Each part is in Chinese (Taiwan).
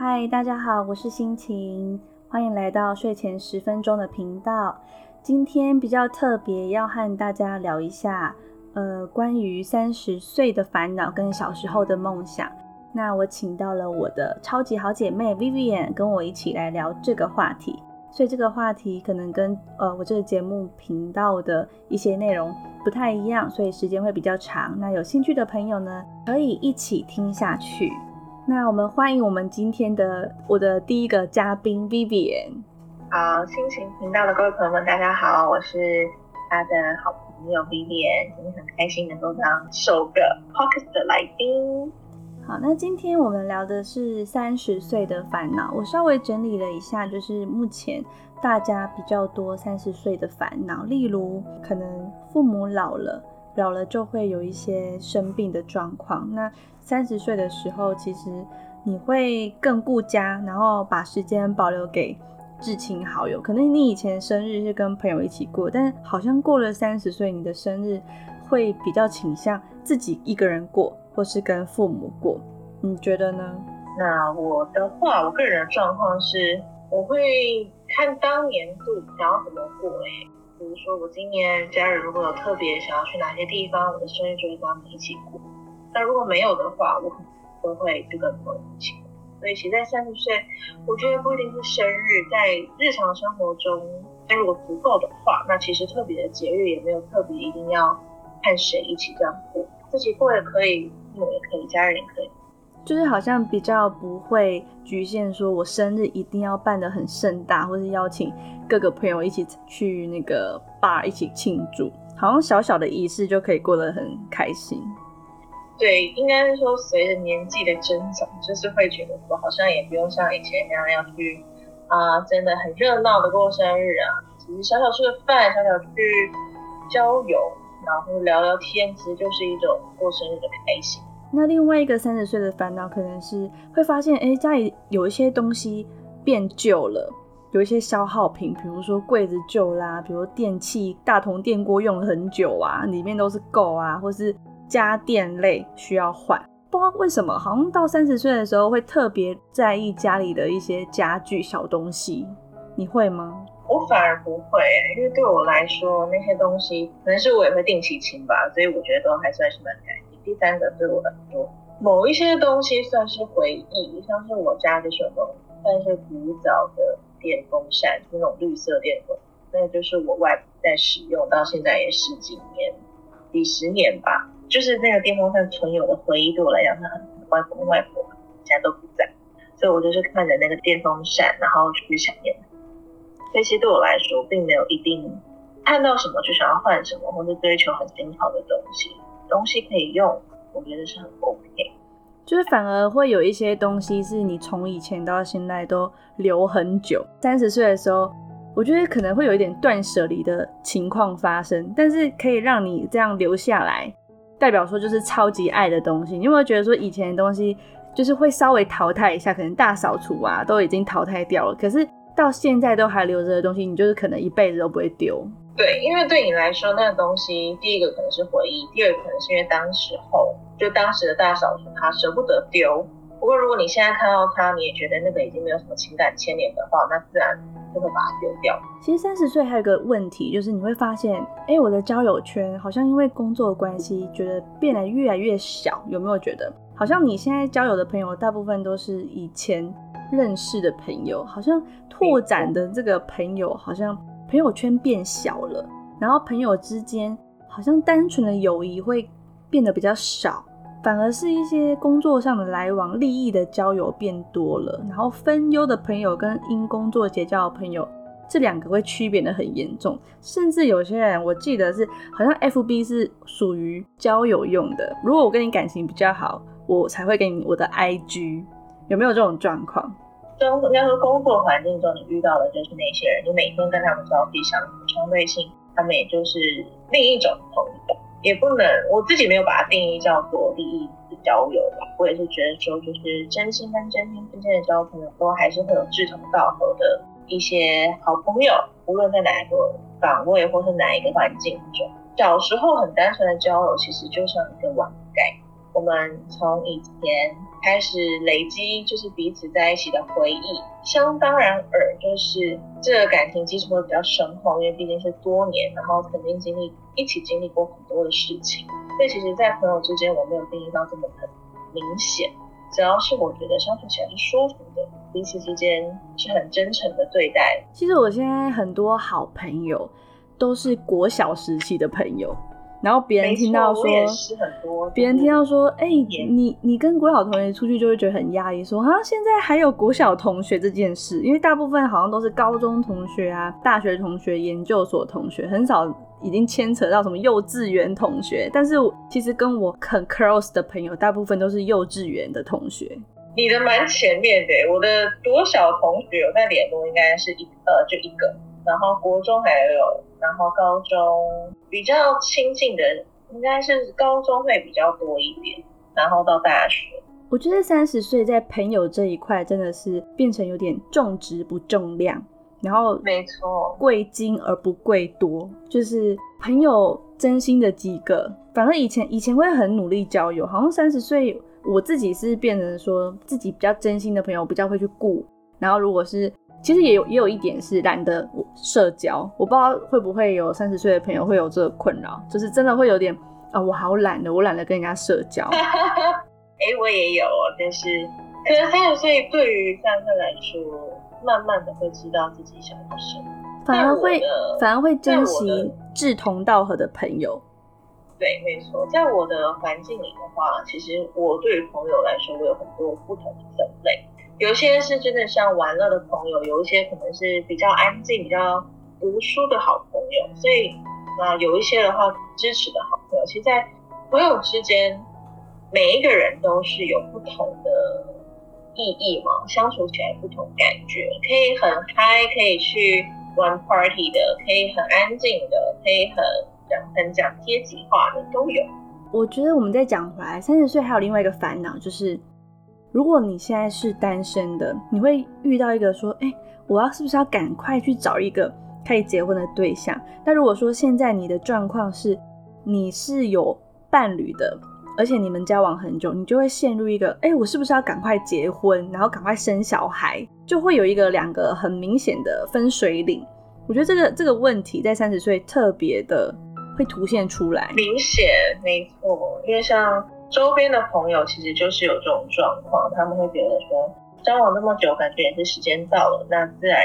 嗨，Hi, 大家好，我是馨晴，歡迎來到睡前十分鐘的頻道。今天比較特別，要和大家聊一下，呃，關於三十歲的煩惱跟小時候的夢想。那我請到了我的超級好姐妹 Vivian，跟我一起來聊這個話題。所以這個話題可能跟呃我這個節目頻道的一些內容不太一樣，所以時間會比較長。那有興趣的朋友呢，可以一起聽下去。那我們歡迎我們今天的我的第一個嘉賓 Vivian。好，馨晴頻道的各位朋友們，大家好，我是他的好朋友 Vivian，今天很開心能夠當首個 Podcast 的來賓。好，那今天我們聊的是三十歲的煩惱，我稍微整理了一下，就是目前大家比較多三十歲的煩惱，例如可能父母老了。老了就會有一些生病的狀況。那三十歲的時候，其實你會更顧家，然後把時間保留給至親好友。可能你以前生日是跟朋友一起過，但好像過了三十歲，你的生日會比較傾向自己一個人過，或是跟父母過。你覺得呢？那我的話，我個人的狀況是，我會看當年度想要怎麼過、欸。哎。比如說，我今年家人如果有特別想要去哪些地方，我的生日就會跟他們一起過。那如果沒有的話，我可能都會跟朋友一起過。所以其實，在三十歲，我覺得不一定是生日，在日常生活中，但如果足夠的話，那其實特別的節日也沒有特別一定要和誰一起這樣過，自己過也可以，父母也可以，家人也可以。就是好像比較不會局限，說我生日一定要辦得很盛大，或是邀請各個朋友一起去那個 bar 一起慶祝，好像小小的儀式就可以過得很開心。對，應該是說隨着年紀的增長，就是會覺得說好像也不用像以前那樣要去啊、呃，真的很熱鬧的過生日啊，只是小小吃個飯，小小去郊遊，然後聊聊天，其實就是一種過生日的開心。那另外一個三十歲的煩惱，可能是會發現，哎、欸，家裡有一些東西變舊了，有一些消耗品，比如說櫃子舊啦、啊，比如電器大同電鍋用了很久啊，裡面都是垢啊，或是家電類需要換。不知道為什麼，好像到三十歲的時候會特別在意家裡的一些家具小東西。你會嗎？我反而不會、欸，因為對我來說那些東西，可能是我也會定期清吧，所以我覺得都還算是蠻可第三個對我來說，某一些東西算是回憶，像是我家的什麼算是古早的電風扇，就是，那種綠色電風扇，那就是我外婆在使用，到現在也十幾年、幾十年吧。就是那個電風扇存有的回憶，對我來講是，它很外婆，外婆現在都不在，所以我就是看着那個電風扇，然後就去想念。這些對我來說，並沒有一定看到什麼就想要換什麼，或是追求很新潮的東西。東西可以用，我覺得是很 OK，就是反而會有一些東西是你從以前到現在都留很久。三十歲的時候，我覺得可能會有一點斷捨離的情況發生，但是可以讓你這樣留下來，代表說就是超級愛的東西。你有沒有覺得說以前的東西就是會稍微淘汰一下，可能大掃除啊都已經淘汰掉了，可是到現在都還留着的東西，你就是可能一輩子都不會丟。對，因為對你來說那個東西，第一個可能是回憶，第二個可能是因為當時候就當時的大嫂說他舍不得丟。不過如果你現在看到它，你也覺得那個已經沒有什麼情感牽連的話，那自然就會把它丟掉。其實三十歲還有一個問題，就是你會發現，哎，我的交友圈好像因為工作關係，覺得變得越來越小。有沒有覺得好像你現在交友的朋友大部分都是以前認識的朋友，好像拓展的這個朋友好像。朋友圈變小了，然後朋友之間好像單純的友誼會變得比較少，反而是一些工作上的來往、利益的交友變多了。然後分憂的朋友跟因工作結交的朋友，這兩個會區別得很嚴重。甚至有些人，我記得是好像 FB 是屬於交友用的，如果我跟你感情比較好，我才會給你我的 IG，有沒有這種狀況？在那個工作環境中，你遇到的就是那些人，你每天跟他們朝夕相處，相對性，他們也就是另一種朋友，也不能，我自己沒有把它定義叫做利益之交友吧。我也是覺得說，就是真心跟真心之間的交朋友，都還是會有志同道合的一些好朋友，無論在哪一個崗位或是哪一個環境中，小時候很單純的交友，其實就像一個網蓋，我們從以前。開始累積，就是彼此在一起的回憶。想當然爾就是這個感情基礎會比較深厚，因為畢竟是多年，然後肯定經歷一起經歷過很多的事情。所以其實，在朋友之間，我沒有定義到這麼很明顯，只要是我覺得相處起來是舒服的，彼此之間是很真誠的對待。其實我現在很多好朋友，都是國小時期的朋友。然後別人聽到說，別人聽到說，哎，你你跟國小同學出去就會覺得很訝異，說哈、啊，現在還有國小同學這件事，因為大部分好像都是高中同學啊，大學同學、研究所同學，很少已經牽扯到什麼幼稚園同學。但是其實跟我很 close 的朋友，大部分都是幼稚園的同學。你的蠻前面的、欸，我的國小同學有在聯絡，應該是一呃就一個，然後國中還有。然後高中比較親近的人應該是高中會比較多一點，然後到大學，我覺得三十歲在朋友這一塊真的是變成有點重質不重量，然後沒錯，貴精而不貴多，錯就是朋友真心的幾個。反正以前以前會很努力交友，好像三十歲我自己是變成說自己比較真心的朋友比較會去顧，然後如果是。其實也有，也有一點是懶得社交，我不知道會不會有三十歲的朋友會有這個困擾？就是真的會有點啊，我好懶的，我懶得跟人家社交。哎、 欸，我也有，但是可是，三十歲對於三十來說，慢慢的會知道自己想要什麼，反而會反而會珍惜志同道合的朋友。對，沒錯，在我的環境裡的話，其實我對於朋友來說，我有很多不同的分類。有些是真的像玩樂的朋友，有一些可能是比較安靜、比較讀書的好朋友，所以啊，有一些的話支持的好朋友，其實，在朋友之間，每一個人都是有不同的意義嘛，相處起來不同感覺，可以很嗨，可以去玩 party 的，可以很安靜的，可以很講很講體己話的都有。我覺得我們再講回來，三十歲還有另外一個煩惱就是。如果你現在是單身的，你會遇到一個說，哎、欸，我要是不是要趕快去找一個可以結婚的對象？那如果說現在你的狀況是你是有伴侶的，而且你們交往很久，你就會陷入一個，哎、欸，我是不是要趕快結婚，然後趕快生小孩？就會有一個兩個很明顯的分水嶺。我覺得這個這個問題在三十歲特別的會凸顯出來，明顯沒錯，因為像。周邊的朋友其實就是有這種狀況，他們會覺得說交往那麼久，感覺也是時間到了，那自然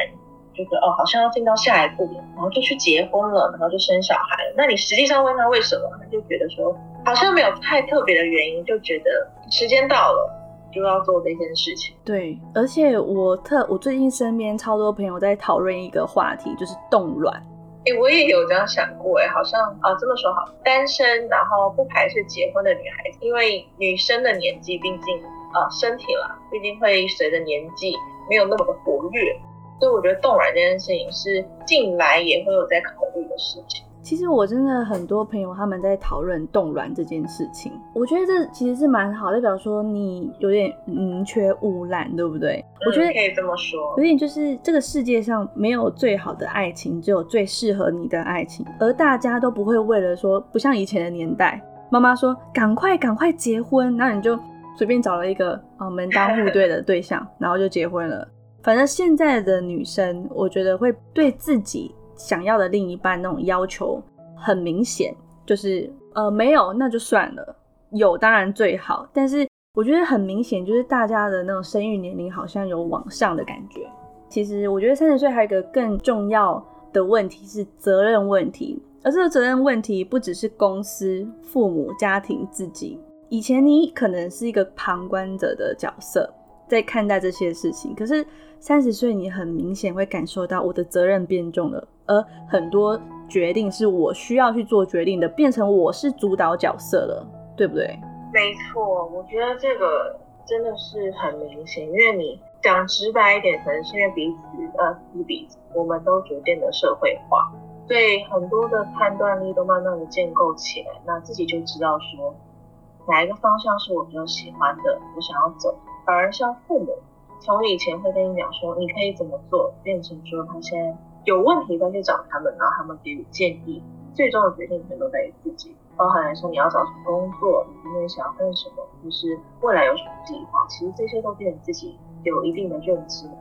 就是哦，好像要進到下一步，然後就去結婚了，然後就生小孩了。那你實際上問他為什麼，他就覺得說好像沒有太特別的原因，就覺得時間到了就要做這件事情。對，而且我特我最近身邊超多朋友在討論一個話題，就是凍卵。誒、欸，我也有這樣想過誒、欸，好像啊、呃，這麼說好，單身然後不排斥結婚的女孩子，因為女生的年紀畢竟啊、呃，身體啦，畢竟會隨着年紀沒有那麼的活躍，所以我覺得凍卵這件事情是近來也會有在考慮的事情。其實我真的很多朋友他們在討論凍卵這件事情，我覺得這其實是蠻好，代表說你有點寧缺毋濫，對不對？嗯、我覺得可以這麼說，有點就是這個世界上沒有最好的愛情，只有最適合你的愛情，而大家都不會為了說不像以前的年代，媽媽說趕快趕快結婚，然後你就隨便找了一個啊、哦、門當戶對的對象， 然後就結婚了。反正現在的女生，我覺得會對自己。想要的另一半那種要求很明顯，就是呃沒有那就算了，有當然最好。但是我覺得很明顯，就是大家的那種生育年齡好像有往上的感覺。其實我覺得三十歲還有一個更重要的問題是責任問題，而這個責任問題不只是公司、父母、家庭、自己，以前你可能是一個旁觀者的角色。在看待這些事情，可是三十歲你很明顯會感受到我的責任變重了，而很多決定是我需要去做決定的，變成我是主導角色了，對不對？沒錯，我覺得這個真的是很明顯，因為你講直白一點，可能是因為彼此呃，是彼此，我們都逐漸的社會化，所以很多的判斷力都慢慢的建構起來，那自己就知道說哪一個方向是我比較喜歡的，我想要走。反而像父母，從以前會跟你講說你可以怎麼做，變成說他現在有問題再去找他們，然後他們給你建議，最終的決定權都在於自己。包含說你要找什麼工作，你今天想要幹什麼，或、就是未來有什麼計劃，其實這些都對你自己有一定的認知的。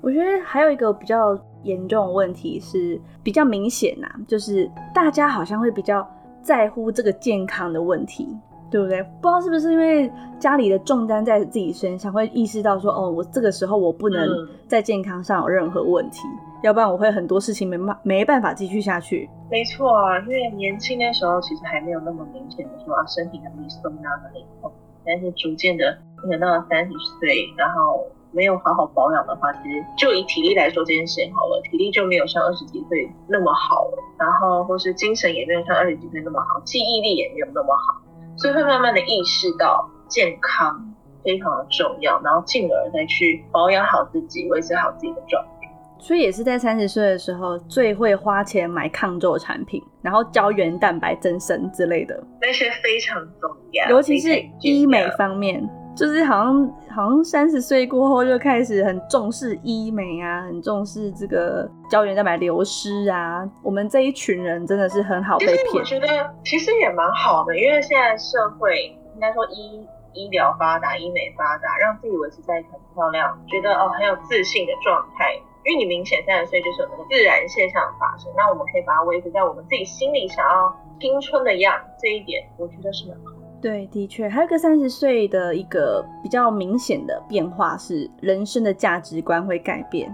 我覺得還有一個比較嚴重的問題是比較明顯吶、啊，就是大家好像會比較在乎這個健康的問題。對不對？不知道是不是因為家裡的重擔在自己身上，會意識到說，哦，我這個時候我不能在健康上有任何問題，嗯、要不然我會很多事情沒辦沒辦法繼續下去。沒錯啊，因為年輕那時候其實還沒有那麼明顯的說啊身體能力是怎麼樣的。但是逐漸的，等到了三十歲，然後沒有好好保養的話，其實就以體力來說，這件事好了，體力就沒有像二十幾歲那麼好了，然後或是精神也沒有像二十幾歲那麼好，記憶力也沒有那麼好。所以會慢慢的意識到健康非常的重要，然後進而再去保養好自己，維持好自己的狀態。所以也是在三十歲的時候最會花錢買抗皺產品，然後膠原蛋白增生之類的，那些非常重要，尤其是醫美方面。就是好像好像三十歲過後就開始很重視醫美啊，很重視這個膠原蛋白流失啊。我們這一群人真的是很好被騙。我覺得其實也蠻好的，因為現在社會應該說醫醫療發達，醫美發達，讓自己維持在很漂亮，覺得哦很有自信的狀態。因為你明顯三十歲就是有那個自然現象的發生，那我們可以把它維持在我們自己心裡想要青春的樣。這一點我覺得是蠻好。對，的確，還有個三十歲的一個比較明顯的變化是，人生的價值觀會改變。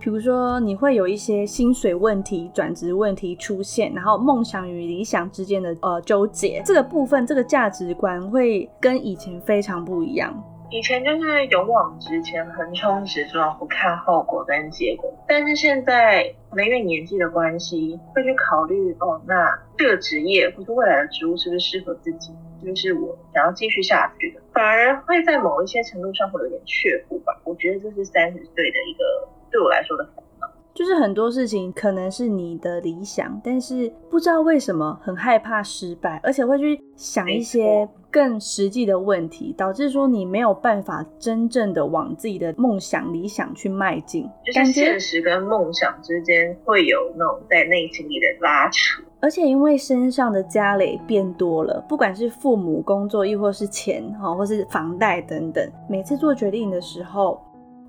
比如說，你會有一些薪水問題、轉職問題出現，然後夢想與理想之間的呃糾結，這個部分，這個價值觀會跟以前非常不一樣。以前就是勇往直前、橫衝直撞，不看後果跟結果。但是現在，因為年紀的關係，會去考慮哦，那這個職業或是未來的職務是不是適合自己？就是我想要繼續下去的，反而會在某一些程度上會有點卻步吧。我覺得這是三十歲的一個對我來說的煩惱，就是很多事情可能是你的理想，但是不知道為什麼很害怕失敗，而且會去想一些更實際的問題，錯導致說你沒有辦法真正的往自己的夢想、理想去邁進。就是現實跟夢想之間會有那種在內心裡的拉扯。而且因為身上的家累變多了，不管是父母工作，亦或是錢或是房貸等等，每次做決定的時候，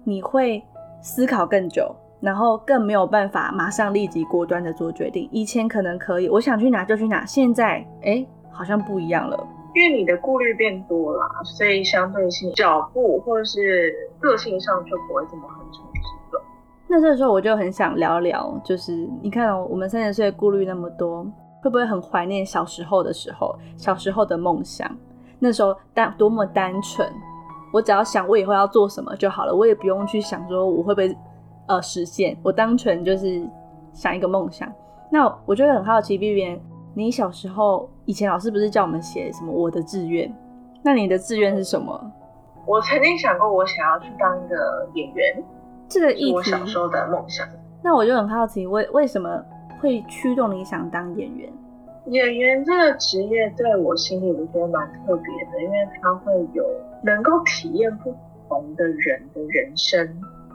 你會思考更久，然後更沒有辦法馬上立即果斷的做決定。以前可能可以，我想去哪就去哪，現在哎好像不一樣了，因為你的顧慮變多了，所以相對性腳步或者是個性上就不會怎麼很成熟。那時候我就很想聊聊，就是你看，哦，我們三十歲顧慮那麼多，會不會很懷念小時候的時候？小時候的夢想，那時候單多麼單純，我只要想我以後要做什麼就好了，我也不用去想說我會不會呃實現，我單純就是想一個夢想。那我就很好奇，B B，你小時候以前老師不是叫我們寫什麼我的志願？那你的志願是什麼？我曾經想過，我想要去當一個演員。這個是我小時候的夢想。那我就很好奇，為為什麼會驅動你想當演員？演員這個職業在我心裡我覺得蠻特別的，因為他會有能夠體驗不同的人的人生，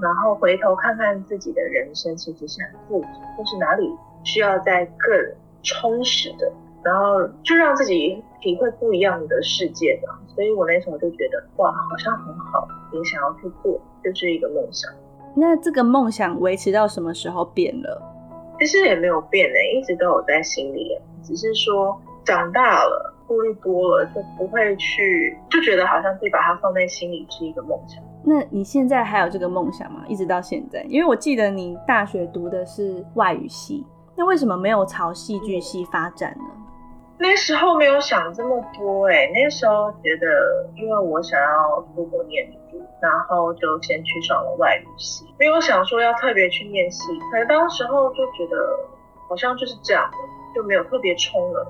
然後回頭看看自己的人生，其實是很複雜，就是哪裡需要在更充實的，然後就讓自己體會不一樣的世界吧。所以我那時候就覺得，哇，好像很好，你想要去做，就是一個夢想。那這個夢想維持到什麼時候變了？其實也沒有變呢、欸，一直都有在心裡了。只是說長大了，顧慮多了，就不會去，就覺得好像自己把它放在心裡是一個夢想。那你現在還有這個夢想嗎？一直到現在？因為我記得你大學讀的是外語系，那為什麼沒有朝戲劇系發展呢？那時候沒有想這麼多哎、欸，那時候覺得，因為我想要出國念書，然後就先去上了外語系，沒有想說要特別去念系，可是當時候就覺得，好像就是這樣，就沒有特別衝了。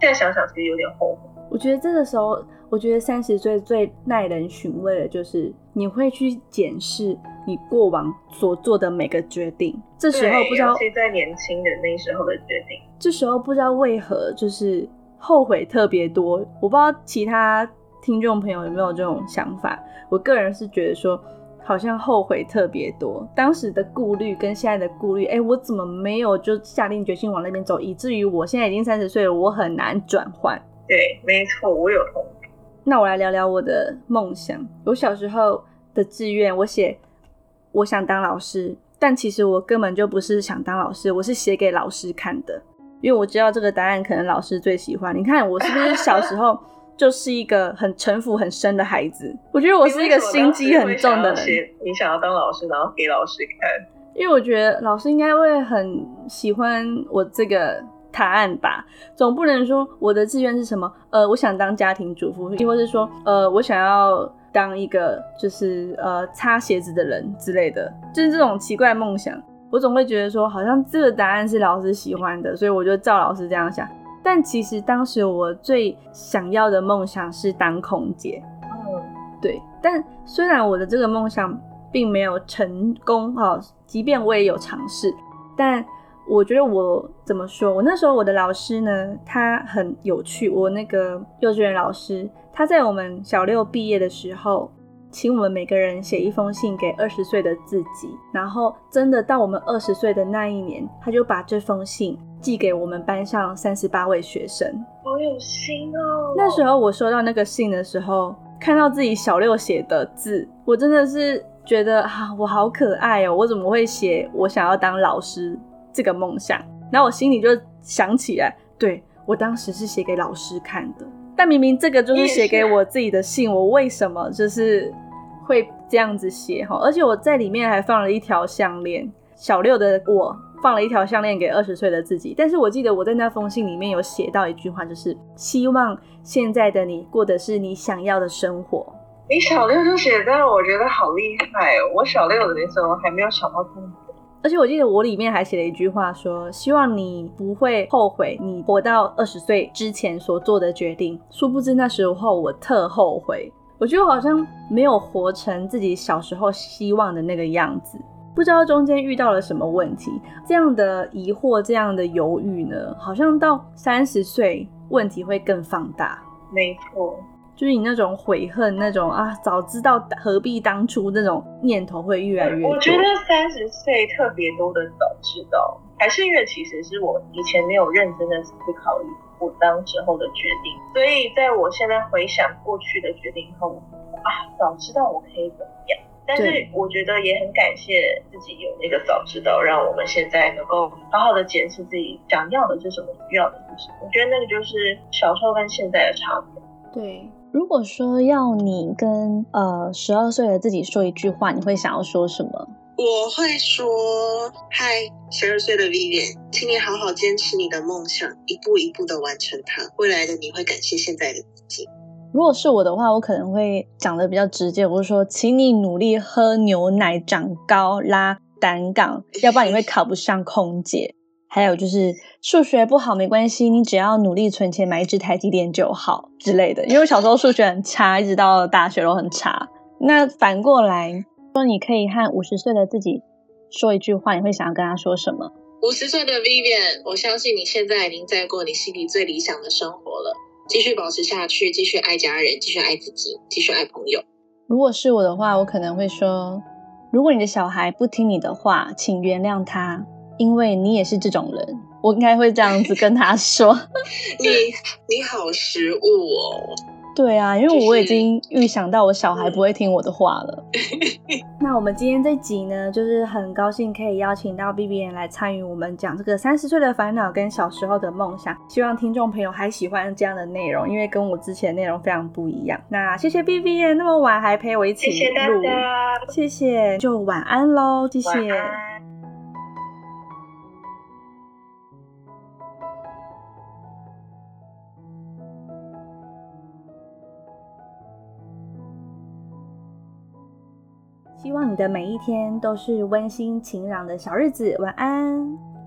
現在想想，其實有點後悔。我覺得這個時候。我覺得三十歲最耐人尋味的就是你會去檢視你過往所做的每個決定。這時候不知道在年輕的那時候的決定，這時候不知道為何就是後悔特別多。我不知道其他聽眾朋友有沒有這種想法。我個人是覺得說好像後悔特別多，當時的顧慮跟現在的顧慮，哎，我怎麼沒有就下定決心往那邊走，以至於我現在已經三十歲了，我很難轉換。對，沒錯，我有同意。那我來聊聊我的夢想。我小時候的志願，我寫我想當老師，但其實我根本就不是想當老師，我是寫給老師看的，因為我知道這個答案可能老師最喜歡。你看我是不是小時候就是一個很城府很深的孩子？我覺得我是一個心機很重的人。想你想要當老師，然後給老師看，因為我覺得老師應該會很喜歡我這個。答案吧，總不能說我的志願是什麼？呃，我想當家庭主婦，亦或是說，呃，我想要當一個就是呃擦鞋子的人之類的，就是這種奇怪夢想。我總會覺得說，好像這個答案是老師喜歡的，所以我就照老師這樣想。但其實當時我最想要的夢想是當空姐。嗯，對。但雖然我的這個夢想並沒有成功啊，即便我也有嘗試，但。我覺得我怎麼說？我那時候我的老師呢，他很有趣。我那個幼稚園老師，他在我們小六畢業的時候，請我們每個人寫一封信給二十歲的自己。然後真的到我們二十歲的那一年，他就把這封信寄給我們班上三十八位學生。好有心哦！那時候我收到那個信的時候，看到自己小六寫的字，我真的是覺得啊，我好可愛哦！我怎麼會寫？我想要當老師。這個夢想，然後我心裡就想起來，對，我當時是寫給老師看的，但明明這個就是寫給我自己的信，我為什麼就是會這樣子寫哈？而且我在裡面還放了一條項鏈小六的我放了一條項鏈給二十歲的自己。但是我記得我在那封信裡面有寫到一句話，就是希望現在的你過得是你想要的生活。你小六就寫，但我覺得好厲害，我小六的那時候還沒有想到這個。而且我記得我裡面還寫了一句話說，說希望你不會後悔你活到二十歲之前所做的決定。殊不知那時候我特後悔，我覺得我好像沒有活成自己小時候希望的那個樣子。不知道中間遇到了什麼問題，這樣的疑惑、這樣的猶豫呢，好像到三十歲問題會更放大。沒錯。就是你那種悔恨，那種啊，早知道何必當初那種念頭會越來越多。我覺得三十歲特別多的早知道，還是因為其實是我以前沒有認真的思考我當時候的決定，所以在我現在回想過去的決定後，啊，早知道我可以怎麼樣。但是我覺得也很感謝自己有那個早知道，讓我們現在能夠好好的檢視自己想要的是什麼，需要的是什麼。我覺得那個就是小時候跟現在的差別。對。如果說要你跟呃十二歲的自己說一句話，你會想要說什麼？我會說：“嗨，十二歲的 Vivian，請你好好堅持你的夢想，一步一步的完成它。未來的你會感謝現在的自己。”如果是我的話，我可能會講的比較直接，我就說：“請你努力喝牛奶長高，拉單槓， 要不然你會考不上空姐。”還有就是數學不好沒關係，你只要努力存錢買一支台積電就好之類的。因為我小時候數學很差，一直到大學都很差。那反過來說，你可以和五十歲的自己說一句話，你會想要跟他說什麼？五十歲的 Vivian，我相信你現在已經在過你心裡最理想的生活了，繼續保持下去，繼續愛家人，繼續愛自己，繼續愛朋友。如果是我的話，我可能會說：如果你的小孩不聽你的話，請原諒他。因為你也是這種人，我應該會這樣子跟他說。 你你好失誤哦。對啊，因為我已經預想到我小孩不會聽我的話了。嗯、 那我們今天這集呢，就是很高興可以邀請到 B B N 來參與我們講這個三十歲的煩惱跟小時候的夢想。希望聽眾朋友還喜歡這樣的內容，因為跟我之前內容非常不一樣。那謝謝 B B N 那麼晚還陪我一起錄，謝謝大家，謝謝，就晚安嘍，謝謝。你的每一天都是溫馨晴朗的小日子，晚安。